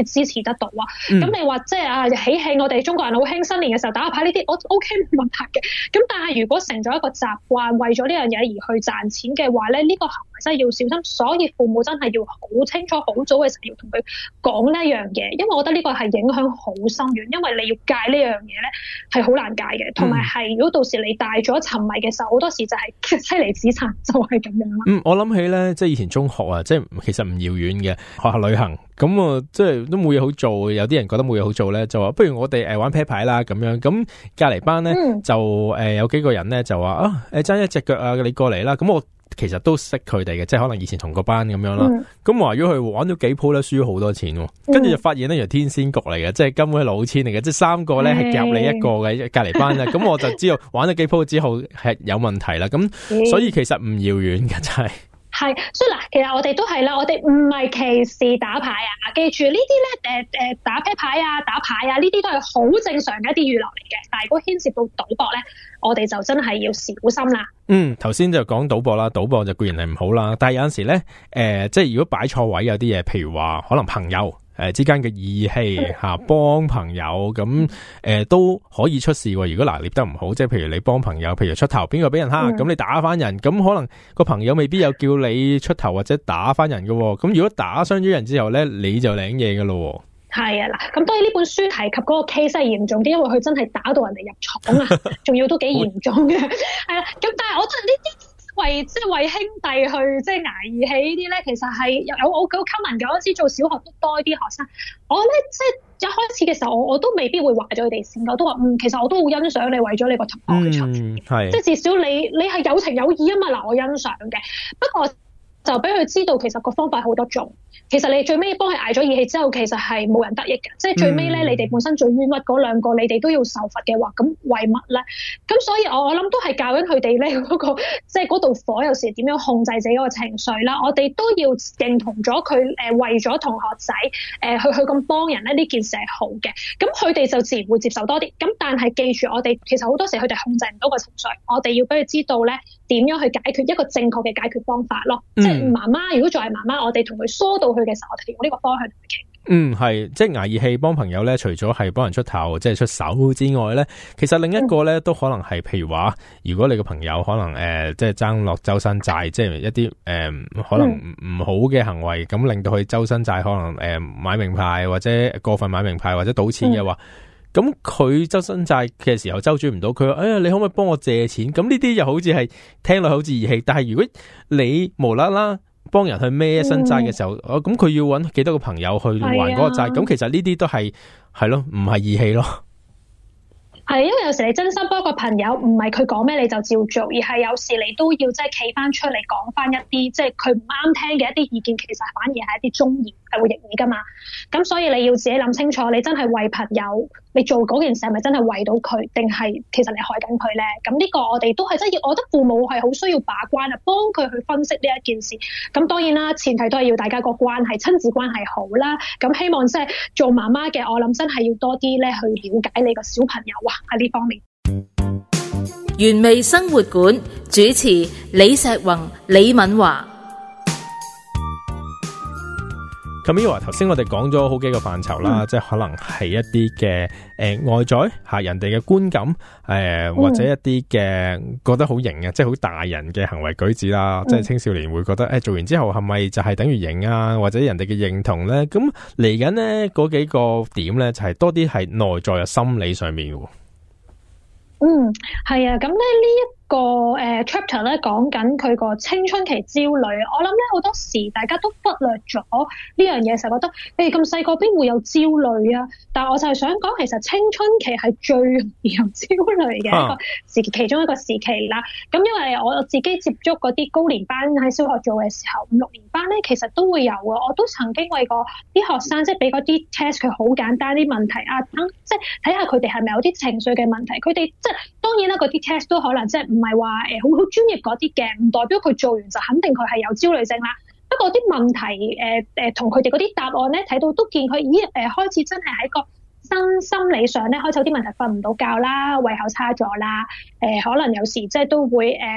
[SPEAKER 1] 支持得到啊！咁、嗯、你話即係啊喜慶，我哋中國人好興新年嘅時候打下牌呢啲，我 O K 冇問題嘅。咁但係如果成咗一個習慣，為咗呢樣嘢而去賺錢嘅話咧，呢、呢個。真係要小心，所以父母真係要好清楚，好早嘅時候要同佢講呢一樣嘢，因為我覺得呢個係影響好深遠，因為你要戒呢樣嘢咧，係好難戒嘅，同埋係如果到時你大咗沉迷嘅時候，好多時就係妻離子散，就係、是、咁樣啦。
[SPEAKER 2] 嗯，我諗起咧，即係以前中學啊，即係其實唔遙遠嘅學校旅行，咁啊，即係都冇嘢好做，有啲人覺得冇嘢好做咧，就話不如我哋誒玩啤牌啦，咁樣咁隔籬班咧、嗯、就誒、呃、有幾個人咧就話啊，誒、呃、爭一隻腳啊，你過嚟啦，咁我。其實都識佢哋嘅，即係可能以前同個班咁樣啦。咁話如果佢玩咗幾鋪咧，輸好多錢，跟住、嗯、就發現咧，原來天仙局嚟嘅，即係根本係老千嚟嘅，即係三個咧係夾你一個嘅、嗯、隔籬班啊。咁 *laughs* 我就知道玩咗幾鋪之後係有問題啦。咁所以其實唔遙遠嘅，真、就、係、是嗯。 *laughs*
[SPEAKER 1] 係，所以嗱，其實我哋都係啦，我哋唔係歧視打牌啊！記住呢啲咧，誒、呃、誒、呃，打啤牌啊，打牌啊，呢啲都係好正常嘅一啲娛樂嚟嘅。但係如果牽涉到賭博咧，我哋就真係要小心啦。
[SPEAKER 2] 嗯，頭先就講賭博啦，賭博就固然係唔好啦，但係有陣時咧，誒、呃，即係如果擺錯位有啲嘢，譬如話可能朋友，誒，之間嘅義氣吓，幫、啊、朋友咁誒、呃、都可以出事。如果拿捏得唔好，即係譬如你幫朋友，譬如出頭，邊個俾人蝦，咁、嗯、你打翻人，咁可能個朋友未必有叫你出頭或者打翻人嘅。咁如果打傷咗人之後咧，你就領嘢嘅咯。
[SPEAKER 1] 係啊，嗱，咁當然呢本書提及嗰個 case 係嚴重啲，因為佢真係打到人哋入廠啊，仲要都幾嚴重嘅。係啊，咁但係我覺得呢啲。為即係為兄弟去即係挨義氣呢啲咧，其實係有我好 common 嘅。嗰陣時做小學都多啲學生，我咧即係一開始嘅時候，我我都未必會話咗佢哋先，我都話嗯，其實我都好欣賞你為咗你個同學去出，嗯、即係至少你你係有情有義啊嘛，嗱我欣賞嘅，不過。就俾佢知道，其實個方法好多種。其實你最尾幫佢捱咗義氣之後，其實係冇人得益嘅。即係最尾咧，你哋本身最冤屈嗰兩個，你哋都要受罰嘅話，咁為乜咧？咁所以，我我諗都係教緊佢哋咧嗰個，即係嗰度火有時點樣控制自己個情緒啦。我哋都要認同咗佢誒為咗同學仔誒、呃、去去咁幫人咧，呢件事係好嘅。咁佢哋就自然會接受多啲。咁但係記住我，我哋其實好多時佢哋控制唔到個情緒，我哋要俾佢知道咧。點樣去解決一個正確嘅解決方法咯？即係媽媽，如果再係媽媽，我哋同佢疏導佢嘅時
[SPEAKER 2] 候，我哋用呢個方向，嗯，係，即係捱義氣幫朋友咧，除咗係幫人出頭，即係出手之外咧，其實另一個咧都可能係，譬如話，如果你個朋友可能誒、呃，即係爭落周身債，嗯、即係一啲誒、呃、可能唔好嘅行為，咁令到佢周身債可能誒、呃、買名牌或者過分買名牌或者賭錢嘅話。嗯咁佢周身債嘅時候周轉唔到，佢話：哎呀，你可唔可以幫我借錢？咁呢啲又好似係聽落好似義氣，但係如果你無啦啦幫人去孭身債嘅時候，哦、嗯，咁佢要搵幾多個朋友去還嗰個債，咁、啊、其實呢啲都係係咯，唔係義氣咯。
[SPEAKER 1] 係因為有時你真心幫個朋友，唔係佢講咩你就照做，而係有時你都要即係企翻出嚟講翻一啲，即係佢唔啱聽嘅一啲意見，其實反而係一啲忠言。會逆耳噶嘛？咁所以你要自己諗清楚，你真係為朋友，你做嗰件事係咪真係為到佢，定係其實你害緊佢咧？咁呢個我哋都係真要，我覺得父母係好需要把關啊，幫佢去分析呢一件事。咁當然啦，前提都係要大家個關係，親子關係好啦。咁希望即係做媽媽嘅，我諗真係要多啲咧去了解你個小朋友啊喺呢方面。原味生活館主持李碩宏、李敏華。
[SPEAKER 2] 咁因為頭先，我哋講咗好幾個範疇啦，嗯、即係可能係一啲嘅，誒，外在吓人哋嘅觀感，誒、呃、或者一啲嘅覺得好型嘅，嗯、即係好大人嘅行為舉止啦，嗯、即係青少年會覺得誒、呃，做完之後係咪就係等於型啊？或者人哋嘅認同咧？咁嚟緊呢嗰幾個點咧，就係、是、多啲係內在嘅心理上面嘅。嗯，係啊，
[SPEAKER 1] 咁咧呢一，個誒 chapter 咧講緊佢個青春期焦慮，我諗咧，好多時大家都忽略咗呢樣嘢，就覺得你咁細個邊會有焦慮啊？但我就係想講，其實青春期係最容易有焦慮嘅一個時期、啊、其中一個時期啦。咁因為我自己接觸嗰啲高年班喺小學做嘅時候，五六年班咧，其實都會有啊。我都曾經為過啲學生即係俾嗰啲 test 佢好簡單啲問題啊，等即係睇下佢哋係咪有啲情緒嘅問題，佢、啊、哋即係。看看當然啦，嗰啲 test 都可能即係唔係話誒好好專業嗰啲嘅，唔代表佢做完就肯定佢係有焦慮症啦。不過啲問題誒誒，同佢哋嗰啲答案咧睇到都見佢，咦誒、呃、開始真係喺個身心理上咧開始有啲問題，瞓唔到覺啦，胃口差咗啦，誒、呃、可能有時即係都會誒誒、呃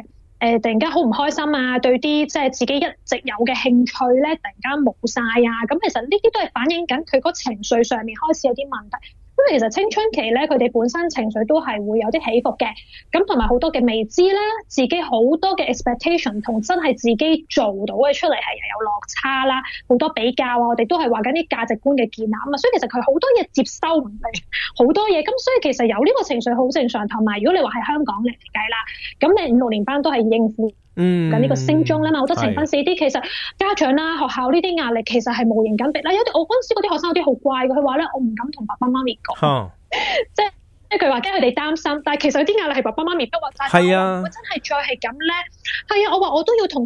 [SPEAKER 1] 呃、突然間好唔開心啊，對啲即係自己一直有嘅興趣咧突然間冇晒啊，咁、嗯、其實呢啲都係反映緊佢個情緒上面開始有啲問題。咁其實青春期咧，佢哋本身情緒都係會有啲起伏嘅，咁同埋好多嘅未知啦，自己好多嘅 expectation 同真係自己做到嘅出嚟係有落差啦，好多比較啊，我哋都係話緊啲價值觀嘅建立，咁啊，所以其實佢好多嘢接收唔到，好多嘢，咁所以其實有呢個情緒好正常，同埋如果你話喺香港嚟計啦，咁你，你五六年班都係應付。嗯，咁呢個升中咧嘛，好多情分。四啲是。其實家長啦、啊、學校呢啲壓力其實係無形緊逼。嗱，有啲我嗰陣時嗰啲學生有啲好怪嘅，佢話咧我唔敢同爸爸媽咪講，嗯、即係一句話驚佢哋擔心。但係其實有啲壓力係爸爸媽咪都屈
[SPEAKER 2] 曬我，我。啊，啊，我
[SPEAKER 1] 真係再係咁咧，係啊，我話我都要同。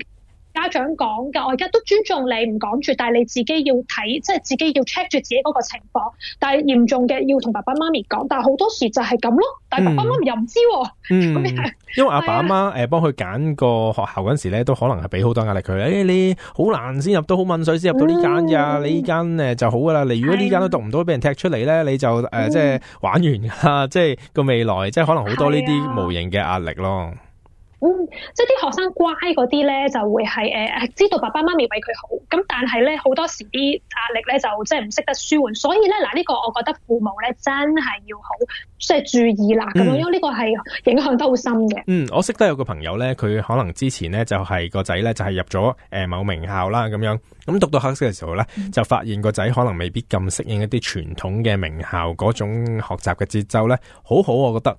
[SPEAKER 1] 家長講㗎，我而家都尊重你唔講住，但係你自己要睇，即係自己要 check 住自己嗰個情況。但係嚴重嘅要同爸爸媽咪講。但係好多時就係咁咯，但係爸爸媽咪又唔知喎。嗯嗯、
[SPEAKER 2] *laughs* 因為阿爸阿媽誒幫佢揀個學校嗰陣時咧，都可能係俾好多壓力佢。誒、啊哎，你好難先入到好敏水，先入到呢間㗎。你呢、嗯、間誒就好㗎啦。你如果呢間都讀唔到，俾、啊、人踢出嚟咧，你就誒、呃嗯、即係玩完㗎啦，即係個未來，即係可能好多呢啲無形嘅壓力咯。
[SPEAKER 1] 嗯，即係啲學生乖嗰啲咧，就會係誒、呃，知道爸爸媽咪為佢好。咁但係咧，好多時啲壓力咧就即係唔識得舒緩，所以咧嗱，呢、呃這個我覺得父母咧真係要好，即係注意啦咁樣，因為呢個係影響得好深嘅。嗯，
[SPEAKER 2] 我識得有個朋友咧，佢可能之前咧就係、是、個仔咧就係入咗誒某名校啦咁樣。咁讀到黑色嘅時候咧，就發現個仔可能未必咁適應一啲傳統嘅名校嗰種學習嘅節奏咧，好好我覺得，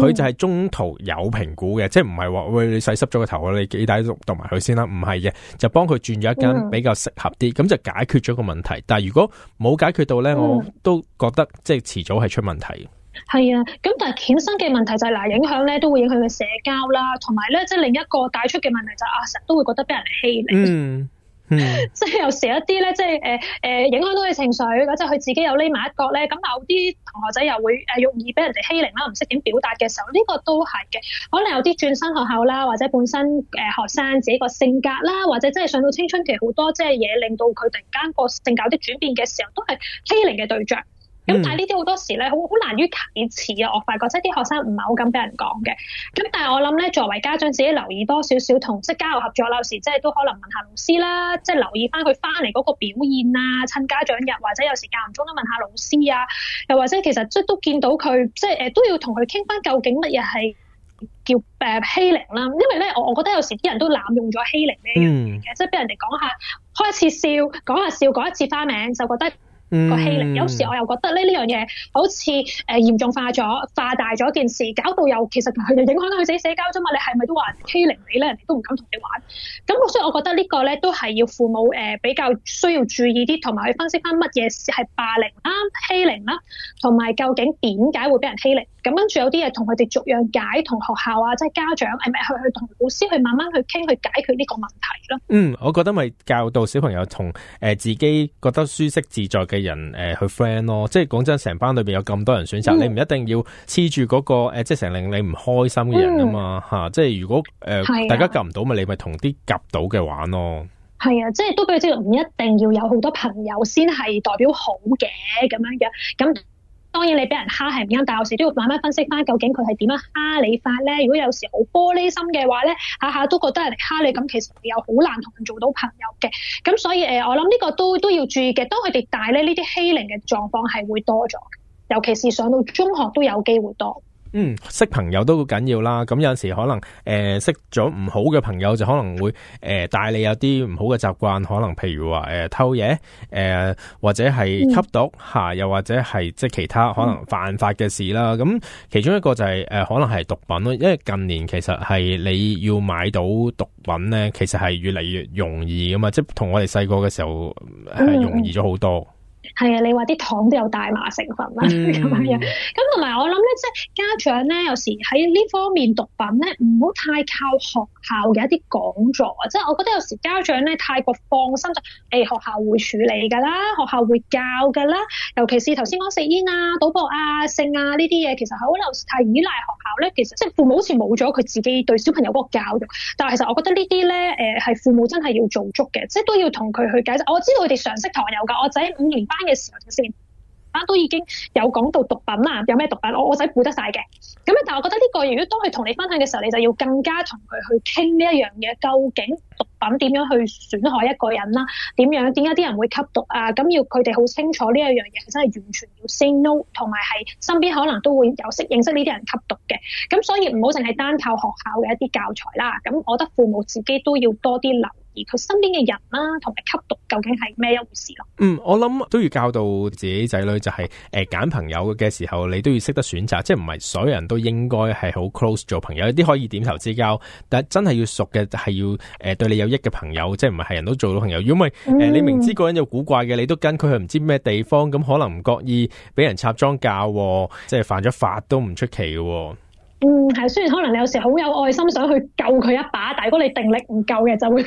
[SPEAKER 2] 佢就係中途有評估嘅，嗯、即係唔係話喂，你洗濕咗個頭，我你幾大讀埋佢先啦，唔係嘅，就幫佢轉咗一間比較適合啲，咁、嗯、就解決咗個問題。但係如果冇解決到咧，我都覺得即係遲早係出問題。
[SPEAKER 1] 係啊，咁但係衍生嘅問題就係嗱，影響咧都會影響佢嘅社交啦，同埋咧即係另一個帶出嘅問題就阿、是、成、啊、都會覺得俾人欺凌。嗯嗯，即係有時一啲咧，即係誒誒，影響到佢情緒，或者佢自己有匿埋一角咧，咁有啲同學仔又會誒容易俾人哋欺凌啦，唔識點表達嘅時候，呢、這個都係嘅。可能有啲轉身學校啦，或者本身誒、呃、學生自己個性格啦，或者即係上到青春期好多即係嘢，令到佢突然間個性格有啲轉變嘅時候，都係欺凌嘅對象。咁、嗯、但係呢啲好多時咧，好好難於啟齒啊！我發覺即係啲學生唔係好敢俾人講嘅。咁但係我諗咧，作為家長自己留意多少少同即係家校合作，有時即係都可能問下老師啦，即係留意翻佢翻嚟嗰個表現啊，趁家長日或者有時間唔中都問下老師啊，又或者其實即係都見到佢，即係誒、呃、都要同佢傾翻究竟乜嘢係叫誒、呃、欺凌啦。因為咧，我我覺得有時啲人都濫用咗欺凌呢樣嘢嘅，嗯、即係俾人哋講下開一次笑，講下笑，講一,一次花名，就覺得。個欺凌，有時我又覺得咧呢樣嘢好似誒嚴重化咗、化大咗件事，搞到又其實影響到佢哋社交啫嘛。你係咪都話欺凌你咧？人哋都唔敢同你玩。咁所以我覺得個呢個咧都係要父母誒、呃、比較需要注意啲，同埋去分析翻乜嘢事係霸凌啦、欺凌啦，同埋究竟點解會俾人欺凌？咁跟住有啲嘢同佢哋逐樣解，同學校啊，即係家長，係咪去去同老師去慢慢去傾，去解決呢個問題
[SPEAKER 2] 咯？嗯，我覺得咪教導小朋友同誒、呃、自己覺得舒適自在嘅人誒、呃、去 friend 咯。即係講真，成班裏邊有咁多人選擇，嗯、你唔一定要黐住嗰個、呃、即係成令你唔開心嘅人嘛、嗯、啊嘛嚇。即係如果誒、呃啊、大家夾唔到咪，你咪同啲夾到嘅玩咯。
[SPEAKER 1] 係啊，即係都比較即唔一定要有好多朋友先係代表好嘅咁樣嘅咁。當然你俾人蝦係唔啱，但有時都要慢慢分析翻究竟佢係點樣蝦你法咧。如果有時好玻璃心嘅話咧，下下都覺得人哋蝦你，咁其實你又好難同人做到朋友嘅。咁所以誒，我諗呢個都都要注意嘅。當佢哋大咧，呢啲欺凌嘅狀況係會多咗，尤其是上到中學都有機會多。
[SPEAKER 2] 嗯，識朋友都好緊要啦。咁、嗯、有陣時可能誒、呃，識咗唔好嘅朋友就可能會誒，帶、呃、你有啲唔好嘅習慣。可能譬如話誒、呃、偷嘢，誒、呃、或者係吸毒吓、啊，又或者係即係其他可能犯法嘅事啦。咁、嗯、其中一個就係、是、誒、呃，可能係毒品咯。因為近年其實係你要買到毒品咧，其實係越嚟越容易噶嘛。即係同我哋細個嘅時候係容易咗好多。嗯
[SPEAKER 1] 係啊，你話啲糖都有大麻成分啦咁樣樣，咁同埋我諗咧，即係家長咧，有時喺呢方面毒品咧，唔好太靠嚇。校嘅一啲講座啊，即係我覺得有時家長咧太過放心就誒、欸、學校會處理㗎啦，學校會教㗎啦。尤其是頭先講食煙啊、賭博啊、性啊呢啲嘢，其實好有可能太依賴學校咧。其實即係父母好似冇咗佢自己對小朋友嗰個教育。但係其實我覺得呢啲咧，誒係父母真係要做足嘅，即係都要同佢去解釋。我知道佢哋常識堂有㗎，我仔五年班嘅時候先。都已經有講到毒品啦、啊，有咩毒品，我我仔估得晒嘅。咁啊，但係我覺得呢、這個如果當佢同你分享嘅時候，你就要更加同佢去傾呢一樣嘢，究竟毒品點樣去損害一個人啦、啊？點樣？點解啲人會吸毒啊？咁、嗯、要佢哋好清楚呢一樣嘢係真係完全要 say no，同埋係身邊可能都會有識認識呢啲人吸毒嘅。咁、嗯、所以唔好淨係單靠學校嘅一啲教材啦。咁、嗯、我覺得父母自己都要多啲諗。而佢身邊嘅人啦，同埋吸毒
[SPEAKER 2] 究竟係咩一回事咯？嗯，我諗都要教導自己仔女、就是，就係誒揀朋友嘅時候，你都要識得選擇，即係唔係所有人都應該係好 close 做朋友，一啲可以點頭之交，但係真係要熟嘅係要誒對你有益嘅朋友，即係唔係係人都做到朋友，如果為誒你明知個人有古怪嘅，你都跟佢去唔知咩地方，咁可能唔覺意俾人插莊架，即係犯咗法都唔出奇嘅。嗯，
[SPEAKER 1] 係雖然可能你有時好有愛心想去救佢一把，但係如果你定力唔夠嘅，就會。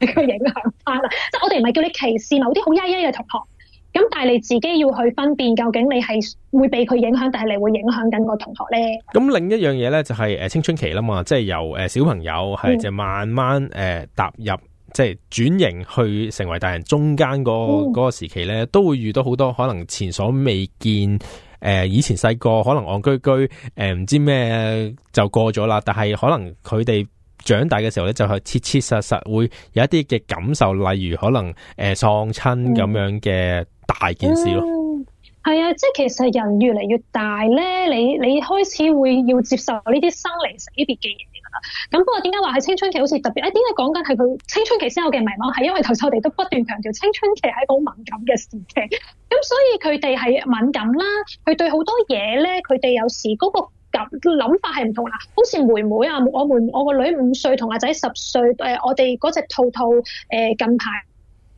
[SPEAKER 1] 你俾佢影響啦，即係我哋唔係叫你歧視某啲好曳曳嘅同學，咁但係你自己要去分辨，究竟你係會被佢影響，定係你會影響緊個同學咧？
[SPEAKER 2] 咁另一樣嘢咧，就係誒青春期啦嘛，即係由誒小朋友係就慢慢誒踏入，嗯、即係轉型去成為大人中間個嗰個時期咧，都會遇到好多可能前所未見誒、呃，以前細個可能戇居居誒唔知咩就過咗啦，但係可能佢哋。長大嘅時候咧，就係切切實實會有一啲嘅感受，例如可能誒喪親咁樣嘅大件事咯。
[SPEAKER 1] 係、嗯嗯、啊，即係其實人越嚟越大咧，你你開始會要接受呢啲生離死別嘅嘢啦。咁不過點解話喺青春期好似特別？誒、哎，點解講緊係佢青春期先有嘅迷茫？係因為頭先我哋都不斷強調青春期係一個好敏感嘅時期。咁所以佢哋係敏感啦，佢對好多嘢咧，佢哋有時嗰、那個。咁諗法係唔同啦，好似妹妹啊，我妹，妹我個女五歲，同阿仔十歲，誒、呃，我哋嗰隻兔兔誒近排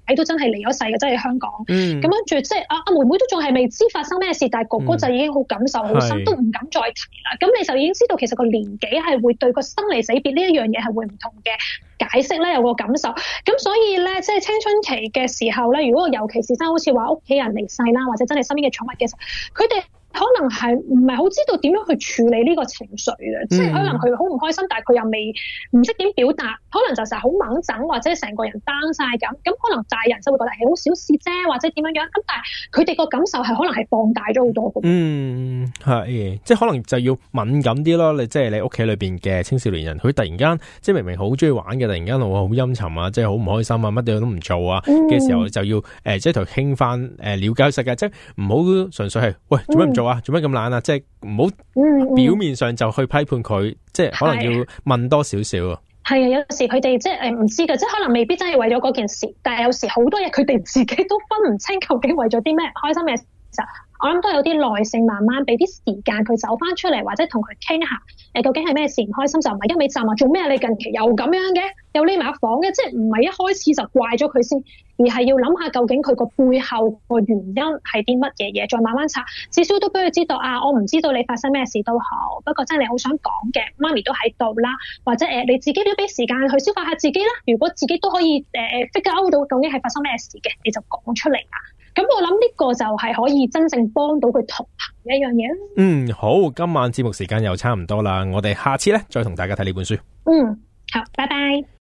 [SPEAKER 1] 睇到真係離咗世嘅，真係香港。咁跟住即係阿阿妹妹都仲係未知發生咩事，但係哥哥就已經好感受好深，嗯、都唔敢再提啦。咁是你就已經知道其實個年紀係會對個生離死別呢一樣嘢係會唔同嘅解釋咧，有個感受。咁所以咧，即係青春期嘅時候咧，如果尤其是真係好似話屋企人離世啦，或者真係身邊嘅寵物嘅時候，佢哋。可能係唔係好知道點樣去處理呢個情緒嘅，嗯、即係可能佢好唔開心，但係佢又未唔識點表達，可能就成日好掹掹或者成個人 down 晒咁，咁可能大人就會覺得係好小事啫，或者點樣樣，咁但係佢哋個感受係可能係放大咗好多。嗯，
[SPEAKER 2] 係，即係可能就要敏感啲咯。你即係你屋企裏邊嘅青少年人，佢突然間即係明明好中意玩嘅，突然間話好陰沉啊，即係好唔開心啊，乜嘢都唔做啊嘅、嗯、時候，就要誒即係同佢傾翻誒了解世界，即係唔好純粹係喂做咩唔做。嗯做啊，做咩咁懶啊？即係唔
[SPEAKER 1] 好表面
[SPEAKER 2] 上就去批判佢，嗯、即係可能要問多少少
[SPEAKER 1] 啊。係啊，有時佢哋即係誒唔知噶，即係可能未必真係為咗嗰件事，但係有時好多嘢佢哋自己都分唔清究竟為咗啲咩開心嘅事。我諗都有啲耐性，慢慢俾啲時間佢走翻出嚟，或者同佢傾下。誒、呃，究竟係咩事唔開心就？就唔係一味浸啊！做咩你近期又咁樣嘅，又匿埋房嘅？即係唔係一開始就怪咗佢先，而係要諗下究竟佢個背後個原因係啲乜嘢嘢，再慢慢查。至少都俾佢知道啊！我唔知道你發生咩事都好，不過真係你好想講嘅，媽咪都喺度啦，或者誒、呃、你自己都俾時間去消化下自己啦。如果自己都可以誒 figure out 到究竟係發生咩事嘅，你就講出嚟啊！咁我諗呢個就係可以真正幫到佢同行嘅一樣嘢。嗯，
[SPEAKER 2] 好，今晚節目時間又差唔多啦，我哋下次咧再同大家睇呢本書。
[SPEAKER 1] 嗯，好，拜拜。